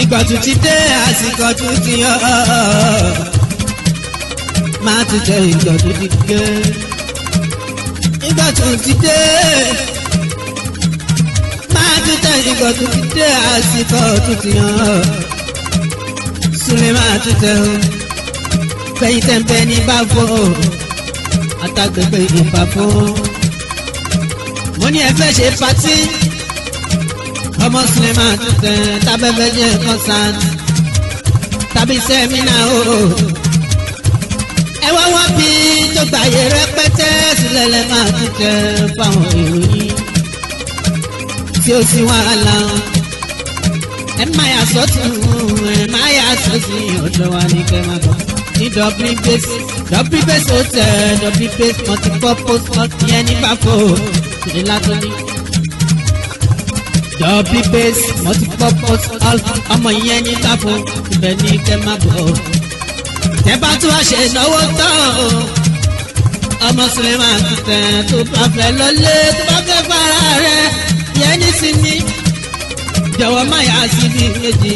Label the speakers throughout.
Speaker 1: àsìkò tún ti dé àsìkò tún ti yọ máa tún jẹ ìjọ tún ti dé ìgbà tún ti dé máa tún jẹ ìjọ tún ti dé àsìkò tún ti yọ súnlẹ̀ máa tún jẹ o fẹ̀yìn tẹ̀m̀pẹ̀ ní bá fò àtàgbègbè ìbàfò mo ní ẹ fẹ́ ṣe patí ọmọ suleman tuntun tabẹfẹ jẹ kọsan tàbí sẹmínà o ẹ wá wá bí tó gbàyè rẹpẹtẹ sílẹ̀ lẹ máa tuntun fáwọn ìròyìn tí ó sì wàhálà ẹ má yà sọ́tún ẹ má yà sọ́tún ọ̀dọ̀ wa ní kẹ́mà kan ní dọ́bí bẹ́sì dọ́bí bẹ́sì ó tẹ̀ dọ́bí bẹ́sì multi purpose multi ẹni bá fò ìdílá tó ní double bass multipurpose alt ọmọ yẹn ní táfò ibẹ̀ ní kẹ́ má bọ̀. tẹ́ bá tún àṣẹ ìnáwó tán o ọmọ sinimá tuntun tó bá fẹ́ lọlé tó bá fẹ́ fara rẹ̀ yẹn ní sinmi jọ̀wọ́ má yà á sí bí méjì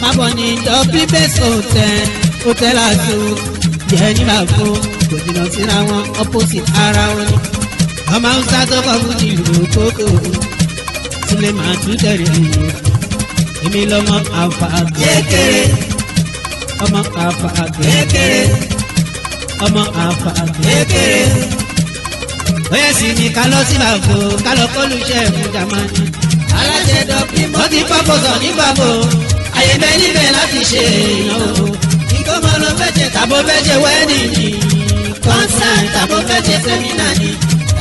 Speaker 1: má bọ̀ ní double bass hotel hotel àti yẹn ní màfó kò jìnnà síra wọn opposite ara wọn ọmọ hausa tó kọ́ fún ìlú kókó sílé màá tún tẹ̀lé èmi lọ́mọ àfà kékeré ọmọ àfà kékeré ọmọ àfà kékeré bóyá sì ni ká lọ sí bàbò ká lọ kọ́ lùṣẹ́ fún jamani. aláṣẹ dọ̀bí mọ́ ti pọ́pọ́sọ̀ ní bàbò àyè bẹ́ẹ̀ níbẹ̀ láti ṣe ìnáwó. ìkó mọ́ lọ fẹ́ jẹ tàbó fẹ́ jẹ wẹ́ẹ̀nì ni kọ́nsán tàbó fẹ́ jẹ sẹ́mínà ni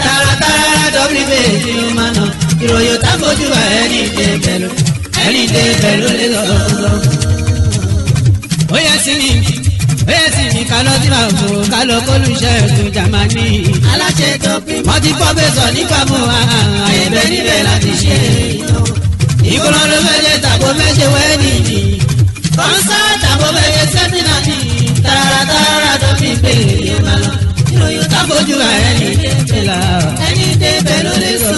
Speaker 1: tààràtààrà dọ́bìrì méjì ló máa nà ìròyìn tá fojú bá ẹni dé pẹ̀lú ẹni dé pẹ̀lú lé lọ́wọ́. ó yẹ sí mi ó yẹ sí mi kálọ́ tí màá fò kálọ́ kólúṣẹ́ ètò jamani. aláṣẹ tó pín mọ́ ti kọ́ bẹ́sọ̀ nípa mọ́ àyẹ̀bẹ̀ níbẹ̀ láti ṣe ìkọlọ́ ló fẹ́ lé tàbó fẹ́ ṣe wẹ́ẹ́nì kọ́ńsá tàbó fẹ́ ṣe sẹ́mínà tààràtààrà tábójú ààrẹ ní tètè là ẹni tètè ló lè sọ.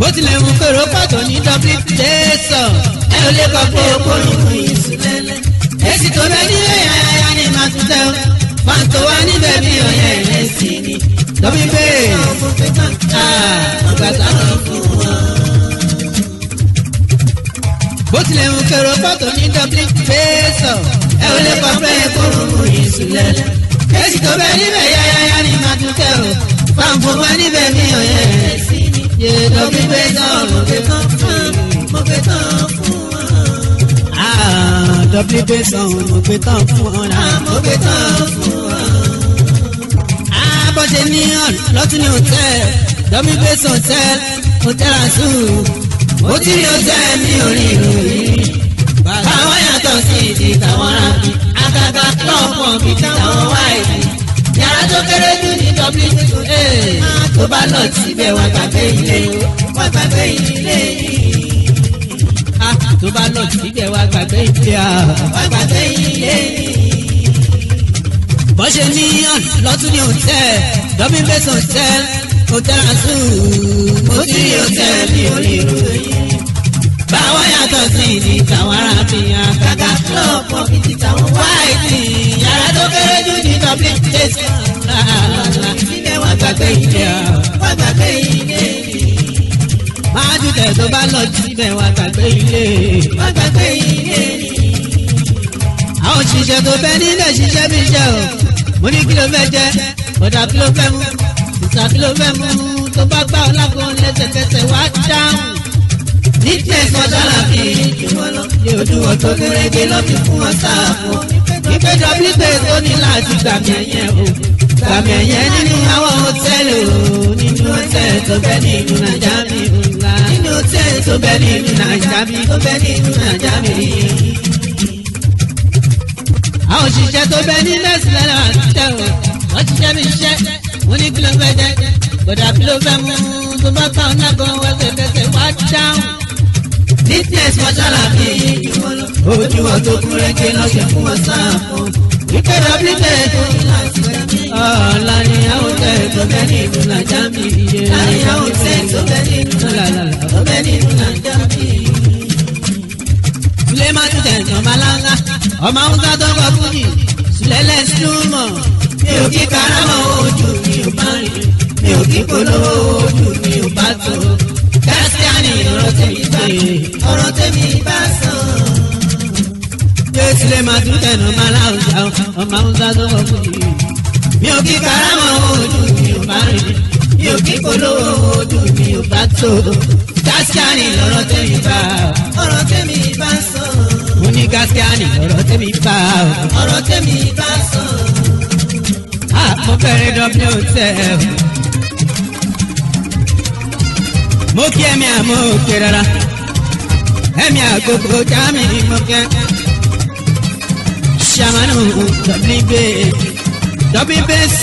Speaker 1: bó tilẹ̀ mú kóró pàtó ní wtson ẹ ló lè kọ́ pé okòròkò yìí sùn lẹ́lẹ́. èsì tó lọ nílé ayaya ni màá tún tẹ́ o máa tó wá níbẹ̀ bí ọ̀yẹ́ rẹ̀ sì ni. lọ́bí bẹ́ẹ̀ ọgbà táwọn fún wọn. bó mú kóró pàtó ní wtson sí lẹ́lẹ́. èsì tó bẹ níbẹ̀ yáyáyá ni màá tún kẹ́ o pàǹpù bá níbẹ̀ mi ò yẹ. yèèdọ̀ gbígbé tán mo gbé tán fún mo gbé tán fún wọn. dọ́bí gbé tán mo gbé tán fún wọn. mo gbé tán fún wọn. abọ́ṣe ní lọ́tún ní hòtẹ́ẹ̀lì dọ́bí gbé tán hòtẹ́ẹ̀lì ah, ah, hòtẹ́ẹ̀lì àṣù
Speaker 2: ó ti rí hòtẹ́ẹ̀lì
Speaker 1: ní orí ìròyìn. bàbá yàtọ̀ sí ìdí tàwọn rábì àgàgà lọ́mọ mi táwọn wáìdì yàrá tó kéré jù ní wta eh. tó bá lọ síbẹ̀ wà gbàgbé ilé wà gbàgbé ilé yìí. Ah, tó bá lọ síbẹ̀ wà gbàgbé ilé ah. wà gbàgbé ilé yìí bọ́sẹ̀ ní lọ́tún ní hòtẹ́ẹ̀ lọ́mí bẹ́sẹ̀ hòtẹ́ẹ̀ hòtẹ́ẹ̀ àtúntò mo ti rí hòtẹ́ẹ̀ ní orí ìlú yìí báwa yàtọ̀ sí ìdí tàwọn ará fi hàn kàkà lọ́pọ̀ fi ti tàwọn wáìtì yàrá tó kéré jù ní public place ilé wọn gbàgbé ilé wọn gbàgbé ilé máa ju tẹ̀ tó bá lọ síbẹ̀ wọn gbàgbé ilé wọn gbàgbé ilé àwọn òṣìṣẹ́ tó fẹ́ nílé ṣiṣẹ́ mi ṣe o mo ní kí ló fẹ́ jẹ ọ̀dà kí ló fẹ́ mu ìsà ló fẹ́ mu tó bá gbà ọ́ lágbo lẹ́sẹ̀kẹsẹ̀ wá dáhùn sickness ọjọ́ la fi jùmọ̀ lọ. Yòòdùwọ̀ tó gẹ́gẹ́ ló fi fún ọ sáà fún ọ. Ìpéjọ bíbẹ̀ tó ní láti gbàmì ẹ̀yẹ o. Gbàmì ẹ̀yẹ nínú àwọn hòtẹ́ẹ̀lì o. Nínú hòtẹ́ẹ̀lì tó bẹ́ ní ìlú Nàìjà mi o. Nínú hòtẹ́ẹ̀lì tó bẹ́ ní ìlú Nàìjà mi tó bẹ́ ní ìlú Nàìjà mi rí. Àwọn òṣìṣẹ́ tó bẹ ní nẹ́ẹ̀sì lẹ́nu àtúntẹ̀ o. Wọ́n ṣiṣẹ́ mi ṣiṣẹ́, mo ní kí ló fẹ́ jẹ́, kódà kí ló fẹ́ mú tó bá bá ọ̀nà gan wẹ́sẹ̀kẹsẹ̀ wá dáhùn fitness mọ́ṣálàbí ojú wọn tó kún rẹ́gẹ́ lọ́sẹ̀ fún wọn sáàpù ìkẹ́rọ bíbẹ̀ ọ̀la ni àwọn tẹ̀ tó bẹ́ ní ìlú nàjà mi yé láyé àwọn tẹ̀ tó bẹ́ ní ìlú nàjà tó bẹ́ ní ìlú nàjà mi. Sulema ti tẹ̀ ní ọmọ aláǹgá ọmọ awúsá tó bọ̀ fún mi Sulẹ́lẹ̀ Súnmọ̀ mi ò kí karamọ̀ ojú mi ò bá rìn mi ò kí polówó ojú mi ò bá tó kẹ́sítíánì ilé ma tún tẹnu máa láwùjá ọmọ haúsá tó wọ fún mi. mi ò kí karamọ ojú mi ò bá rìn mi ò kí polówó ojú mi ò bá tó. gáskíánì lọ́rọ̀ tẹ́mi bá ọ̀rọ̀ tẹ́mi bá sọ. mo ní gáskíánì lọ́rọ̀ tẹ́mi bá ọ̀rọ̀ tẹ́mi bá sọ. mo bẹ̀rẹ̀ w tẹ̀. mo kí ẹ̀mí àmọ́ òkè rárá ẹ̀mí àgógó já mi mo kẹ́. Shamanu WB WBS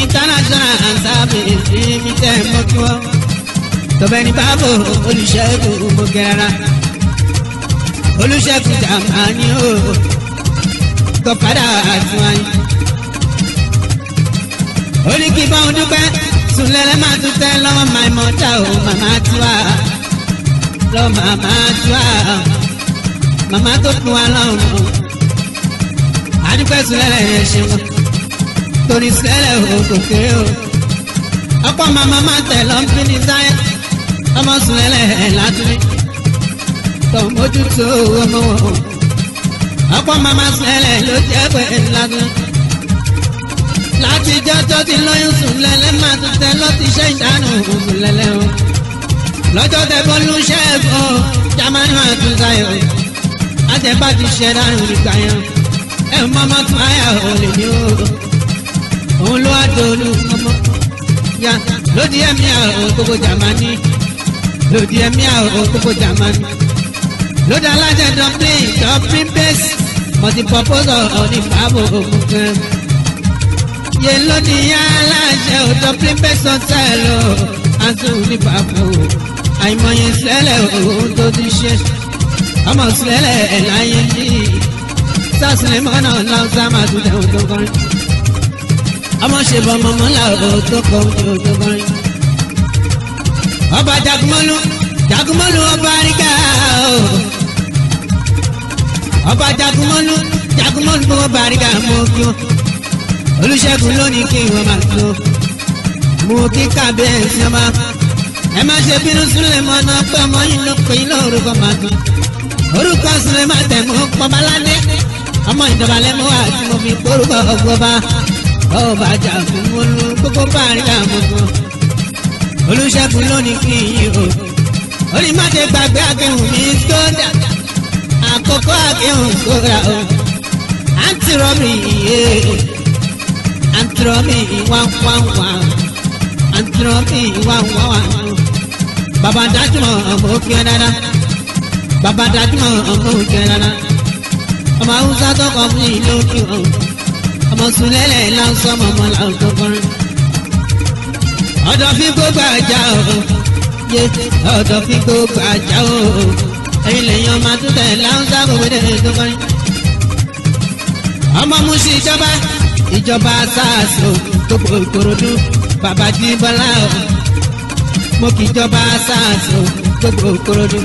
Speaker 1: International Service Limited Mokiwo Tọ́bẹ̀ni báàbò olùṣègùn Bogera olùṣègùn Jàmánì o tọ́padà àtúwáyé. Ó ní kí bá ọdún pẹ́ sùnlẹ̀lẹ̀ máa tún tẹ́ lọ́wọ́ matua. Mama dá o màmá tiwa adúpẹ́sù lẹ́lẹ̀ yẹn ṣeun torí sẹ́lẹ̀ o kò kéré o ọ̀pọ̀ màmá máa tẹ̀ lọ́nfin ní sáyẹ́ ọmọ sùn lẹ́lẹ̀ látúrí tọ̀ mójútó ọmọ wọn ọ̀pọ̀ màmá sẹ́lẹ̀ ló jẹ́ pé ńlágún látijọ́ tó ti lóyún sùn lẹ́lẹ̀ máa tún tẹ ló ti ṣe ìdáná òun sùn o lọ́jọ́ tẹ bọ́lú ṣẹ́ẹ̀kọ́ jamanu àtúnṣayọ̀ àtẹ̀bá ti ṣẹ̀dá ìgbà yẹn ẹ má má tún àyà olè ní o òun ló wá dolú ọmọ ya lódì ẹ̀mí àwọn gbogbo jamani lódì ẹ̀mí àwọn gbogbo jamani lódì alájẹ dublin dublin base multipurpose onífàbò òkùnkùn yé lódì ya alájẹ o dublin base hotel o azul onífàbò àìmọye sílẹ̀ òun tó ti ṣe ọmọ sílẹ̀ ẹ̀ láyé yìí sásìlẹ̀ mọ́nà lọ́sà máa tún lẹ́hùn tó kọrin. ọmọ ṣe bọ ọmọ mọ́lá òun tó kọ oúnjẹ òun tó kọrin. ọba jagunmọ́lú jagunmọ́lú ọba àríkà o. ọba jagunmọ́lú jagunmọ́lú ọba àríkà mọ́ kí o. olùṣègùn lónìí kí wọ́n máa tó. mo kí kábíyèsí ọba ẹ má ṣe bínú sílẹ̀ mọ́nà pé ọmọ yìí ló pè é lórúkọ màtún orúkọ sílẹ̀ má tẹ̀ mọ́ pọ́nmọ́ládé ọmọ ìjọba lẹ́mú wá tí mo fi gbórúkọ ọgbọ́ba ọba jàǹkú olú gbogbo báàrí àmọ́gbọ́ olùṣègùn lónìí kì í yí o orí má ṣe gbàgbé àgẹ̀hùn mi tó dà àkókò àgẹ̀hùn tó rà o àǹtí rọ́mì yé àǹtí rọ́mì wá wá wá àǹtí rọ́mì wá wá wá bàbá ọmọ òkè rárá bàbá dájúmọ̀ ọmọ òkè rárá ọmọ haúsá tọkọ fún ìlú òkè wọn ọmọ sùnlẹ̀lẹ̀ lásán ọmọ ọmọ làwùjọ kọrin. ọ̀dọ̀ fi gbogbo àjà o yé ọ̀dọ̀ fi gbogbo àjà o ẹ̀yin lẹ́yìn ọmọ àtúntẹ̀ làwùjá gbogbo dẹ̀ tó kọrin. ọmọ mu sí ìjọba ìjọba sars o gbogbo ìkòròdú bàbá jí bọ́lá o mo kì í jọba sars o gbogbo ìkòròdú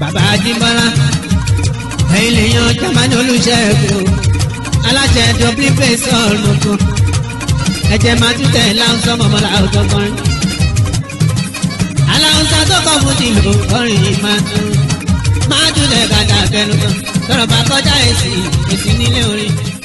Speaker 1: bàbá jí bọ́lá èèyàn jamani olùṣègùn aláṣẹ dublin place ọ̀nùkù ẹ̀jẹ̀ máa tún tẹ̀ láwùsọ mọ̀mọ́lá ọ̀tọ̀ kan. aláwùsọ tó kọ̀ fún ti lò kọrin yìí máa tún máa tún lẹ̀ gàdà kẹnu kan tọrọ bá kọjá èsì èsì nílé orin.